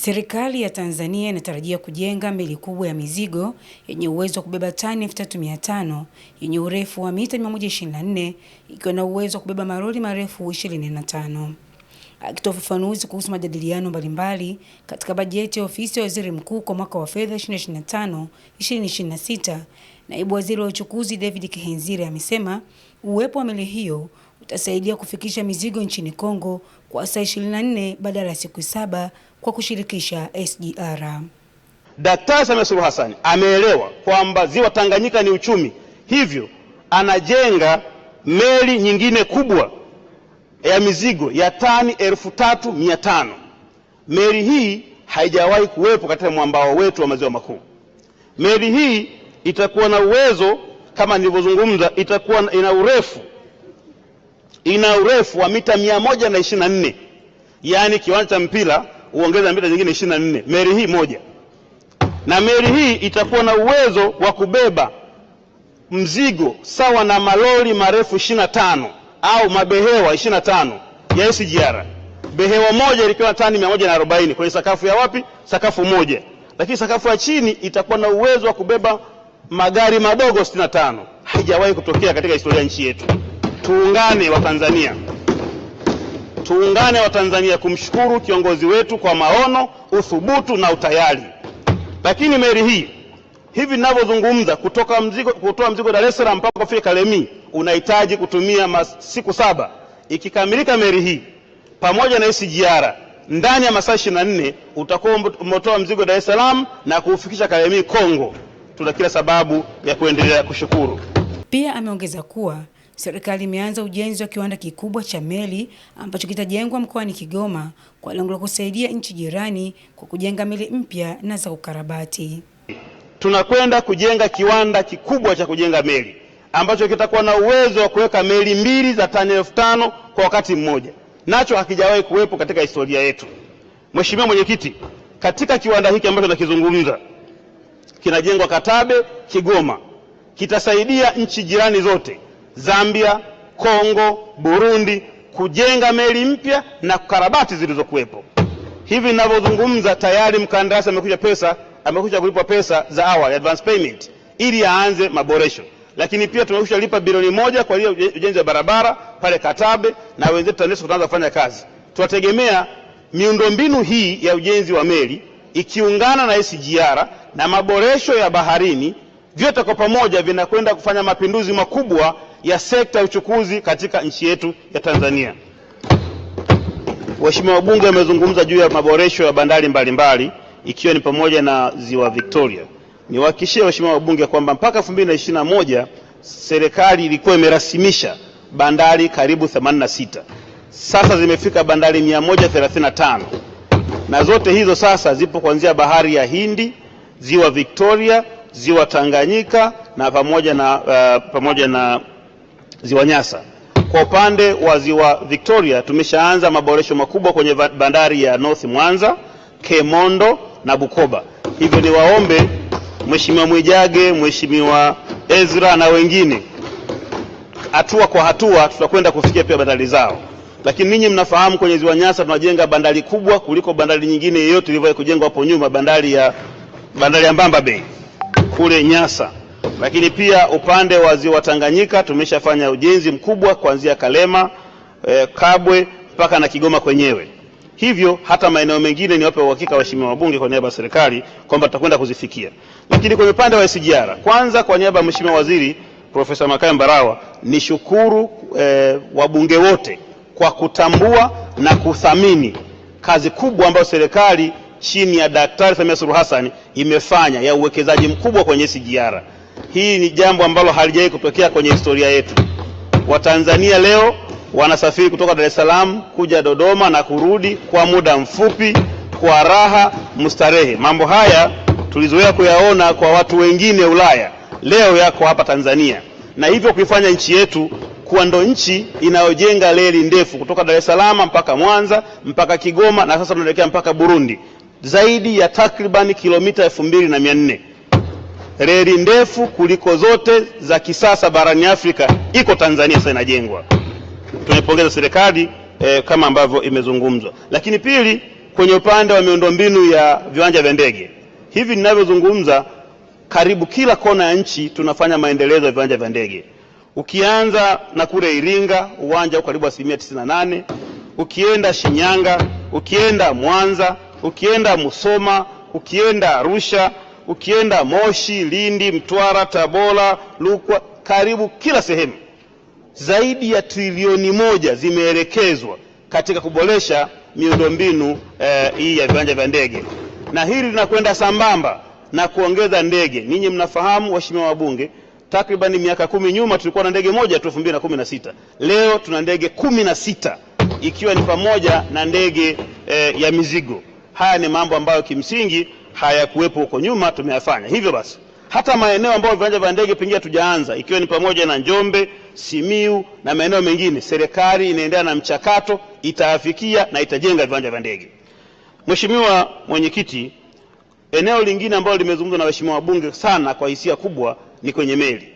Serikali ya Tanzania inatarajia kujenga meli kubwa ya mizigo yenye uwezo wa kubeba tani 3500 yenye urefu wa mita 124 ikiwa na uwezo wa kubeba maroli marefu 25. Akitoa ufafanuzi kuhusu majadiliano mbalimbali katika bajeti ya ofisi ya waziri mkuu kwa mwaka wa fedha 2025 2026, naibu waziri wa uchukuzi David Kihenzire amesema uwepo wa meli hiyo utasaidia kufikisha mizigo nchini Kongo kwa saa 24 badala ya siku saba kwa kushirikisha SGR. Daktari Samia Suluhu Hassan ameelewa kwamba ziwa Tanganyika ni uchumi, hivyo anajenga meli nyingine kubwa ya mizigo ya tani elfu tatu mia tano. Meli hii haijawahi kuwepo katika mwambao wetu wa maziwa makuu. Meli hii itakuwa na uwezo kama nilivyozungumza, itakuwa ina urefu ina urefu wa mita 124 yaani kiwanja cha mpira huongeza mita nyingine ishirini na nne meli hii moja, na meli hii itakuwa na uwezo wa kubeba mzigo sawa na malori marefu ishirini na tano au mabehewa ishirini na tano ya SGR, behewa moja likiwa na tani mia moja na arobaini kwenye sakafu ya wapi? Sakafu moja. Lakini sakafu ya chini itakuwa na uwezo wa kubeba magari madogo sitini na tano. Haijawahi kutokea katika historia ya nchi yetu. Tuungane Watanzania. Tuungane Watanzania kumshukuru kiongozi wetu kwa maono, uthubutu na utayari. Lakini meli hii hivi ninavyozungumza, kutoka mzigo, kutoa mzigo Dar es Salaam mpaka kufika Kalemi unahitaji kutumia mas, siku saba. Ikikamilika meli hii pamoja na SGR ndani ya masaa 24 utakuwa umetoa mzigo Dar es Salaam na kuufikisha Kalemi Kongo. Tuna kila sababu ya kuendelea kushukuru. Pia ameongeza kuwa Serikali imeanza ujenzi wa kiwanda kikubwa cha meli ambacho kitajengwa mkoani Kigoma kwa lengo la kusaidia nchi jirani kwa kujenga meli mpya na za ukarabati. Tunakwenda kujenga kiwanda kikubwa cha kujenga meli ambacho kitakuwa na uwezo wa kuweka meli mbili za tani elfu tano kwa wakati mmoja, nacho hakijawahi kuwepo katika historia yetu. Mheshimiwa Mwenyekiti, katika kiwanda hiki ambacho nakizungumza kinajengwa Katabe, Kigoma, kitasaidia nchi jirani zote Zambia, Kongo, Burundi kujenga meli mpya na kukarabati zilizokuwepo. Hivi ninavyozungumza tayari mkandarasi amekuja pesa amekuja kulipwa pesa za awali advance payment ili aanze maboresho, lakini pia tumekwisha lipa bilioni moja kwa ajili ya ujenzi wa barabara pale Katabe na wenzetu TANESCO tutaanza kufanya kazi. Tunategemea miundombinu hii ya ujenzi wa meli ikiungana na SGR na maboresho ya baharini, vyote kwa pamoja vinakwenda kufanya mapinduzi makubwa ya sekta ya uchukuzi katika nchi yetu ya Tanzania. Waheshimiwa wabunge wamezungumza juu ya maboresho ya bandari mbalimbali ikiwa ni pamoja na Ziwa Victoria. Niwahakikishie waheshimiwa wabunge kwamba mpaka 2021 serikali ilikuwa imerasimisha bandari karibu 86. Sasa zimefika bandari 135 na zote hizo sasa zipo kuanzia bahari ya Hindi, Ziwa Victoria, Ziwa Tanganyika na pamoja na, uh, pamoja na ziwa Nyasa. Kwa upande wa ziwa Victoria tumeshaanza maboresho makubwa kwenye bandari ya North Mwanza, Kemondo na Bukoba. Hivyo niwaombe Mheshimiwa Mwijage, Mheshimiwa Ezra na wengine, hatua kwa hatua tutakwenda kufikia pia bandari zao. Lakini ninyi mnafahamu kwenye ziwa Nyasa tunajenga bandari kubwa kuliko bandari nyingine yoyote ilivyowahi kujengwa hapo nyuma, bandari ya bandari ya Mbamba Bay kule Nyasa. Lakini pia upande wa ziwa Tanganyika tumeshafanya ujenzi mkubwa kuanzia Kalema eh, Kabwe mpaka na Kigoma kwenyewe. Hivyo hata maeneo mengine niwape uhakika waheshimiwa wabunge kwa niaba ya serikali kwamba tutakwenda kuzifikia. Lakini kwenye upande wa SGR, kwanza kwa niaba ya Mheshimiwa Waziri Profesa Makaya Mbarawa nishukuru eh, wabunge wote kwa kutambua na kuthamini kazi kubwa ambayo serikali chini ya Daktari Samia Suluhu Hassan imefanya ya uwekezaji mkubwa kwenye SGR. Hii ni jambo ambalo halijawahi kutokea kwenye historia yetu. Watanzania leo wanasafiri kutoka Dar es Salaam kuja Dodoma na kurudi kwa muda mfupi, kwa raha mustarehe. Mambo haya tulizoea kuyaona kwa watu wengine Ulaya, leo yako hapa Tanzania, na hivyo kuifanya nchi yetu kuwa ndo nchi inayojenga reli ndefu kutoka Dar es Salaam mpaka Mwanza mpaka Kigoma, na sasa tunaelekea mpaka Burundi, zaidi ya takribani kilomita elfu mbili na mia nne. Reli ndefu kuliko zote za kisasa barani Afrika iko Tanzania sasa inajengwa. Tunaipongeza serikali eh, kama ambavyo imezungumzwa. Lakini pili, kwenye upande wa miundombinu ya viwanja vya ndege, hivi ninavyozungumza, karibu kila kona ya nchi tunafanya maendelezo ya viwanja vya ndege, ukianza na kule Iringa uwanja uko karibu asilimia 98, ukienda Shinyanga, ukienda Mwanza, ukienda Musoma, ukienda Arusha ukienda Moshi, Lindi, Mtwara, Tabora, Rukwa, karibu kila sehemu, zaidi ya trilioni moja zimeelekezwa katika kuboresha miundombinu eh, hii ya viwanja vya ndege, na hili linakwenda sambamba na kuongeza ndege. Ninyi mnafahamu waheshimiwa wabunge, takriban miaka kumi nyuma tulikuwa na ndege moja tu 2016. Leo tuna ndege kumi na sita ikiwa ni pamoja na ndege eh, ya mizigo. Haya ni mambo ambayo kimsingi hayakuwepo huko nyuma, tumeyafanya hivyo. Basi hata maeneo ambayo viwanja vya ndege pengine hatujaanza, ikiwa ni pamoja na Njombe, Simiu na maeneo mengine, serikali inaendelea na mchakato, itayafikia na itajenga viwanja vya ndege. Mheshimiwa Mwenyekiti, eneo lingine ambalo limezungumzwa na waheshimiwa wabunge sana kwa hisia kubwa ni kwenye meli.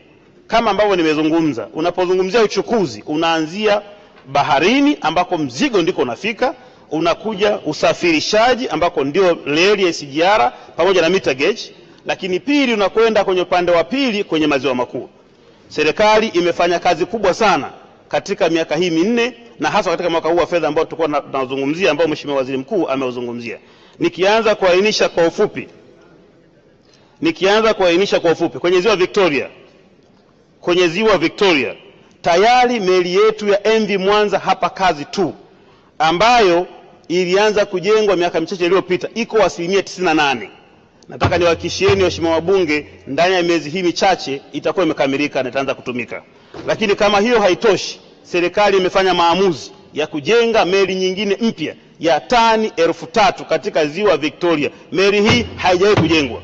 Kama ambavyo nimezungumza, unapozungumzia uchukuzi unaanzia baharini ambako mzigo ndiko unafika unakuja usafirishaji ambako ndio reli ya SGR pamoja na meter gauge, lakini pili unakwenda kwenye upande wa pili kwenye maziwa makuu. Serikali imefanya kazi kubwa sana katika miaka hii minne na hasa katika mwaka huu wa fedha ambao tulikuwa tunazungumzia, ambao Mheshimiwa Waziri Mkuu ameuzungumzia. Nikianza kuainisha kwa ufupi, nikianza kuainisha kwa ufupi, kwenye ziwa Victoria, kwenye ziwa Victoria tayari meli yetu ya MV Mwanza hapa kazi tu ambayo ilianza kujengwa miaka michache iliyopita iko asilimia 98. Nataka niwahakikishieni waheshimiwa wabunge, ndani ya miezi hii michache itakuwa imekamilika na itaanza kutumika. Lakini kama hiyo haitoshi, serikali imefanya maamuzi ya kujenga meli nyingine mpya ya tani elfu tatu katika ziwa Victoria. Meli hii haijawahi kujengwa.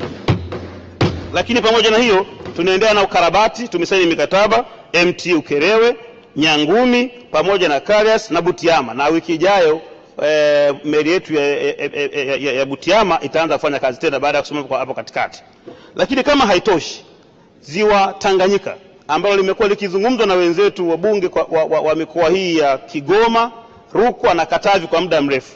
Lakini pamoja na hiyo, tunaendelea na ukarabati, tumesaini mikataba MT Ukerewe Nyangumi pamoja na Karias na Butiama, na wiki ijayo e, meli yetu ya, ya, ya, ya Butiama itaanza kufanya kazi tena baada ya kusimama hapo katikati. Lakini kama haitoshi, ziwa Tanganyika ambalo limekuwa likizungumzwa na wenzetu wabunge wa, wa, wa mikoa hii ya Kigoma, Rukwa na Katavi kwa muda mrefu.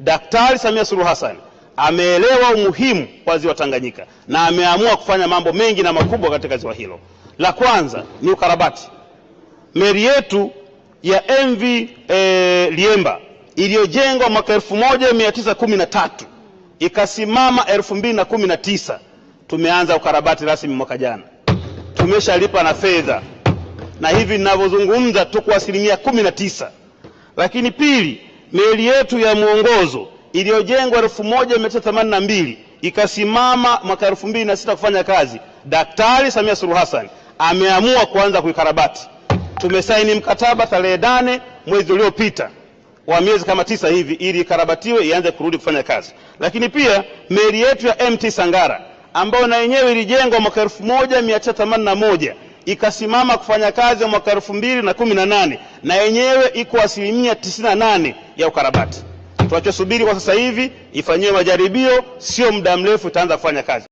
Daktari Samia Suluhu Hassan ameelewa umuhimu wa ziwa Tanganyika na ameamua kufanya mambo mengi na makubwa katika ziwa hilo. La kwanza ni ukarabati meli yetu ya MV e, eh, Liemba iliyojengwa mwaka 1913 ikasimama 2019 tumeanza ukarabati rasmi mwaka jana, tumeshalipa na fedha na hivi ninavyozungumza tuko asilimia 19. Lakini pili, meli yetu ya mwongozo iliyojengwa 1982 ikasimama mwaka 2006 kufanya kazi, Daktari Samia Suluhu Hassan ameamua kuanza kuikarabati. Tumesaini mkataba tarehe nane mwezi uliopita wa miezi kama tisa hivi ili ikarabatiwe ianze kurudi kufanya kazi. Lakini pia meli yetu ya MT Sangara ambayo na yenyewe ilijengwa mwaka moja ikasimama kufanya kazi mwaka mbili na kumi na na nane yenyewe iko asilimia nane ya ukarabati. Tunachosubiri kwa sasa hivi ifanyiwe majaribio, sio muda mrefu itaanza kufanya kazi.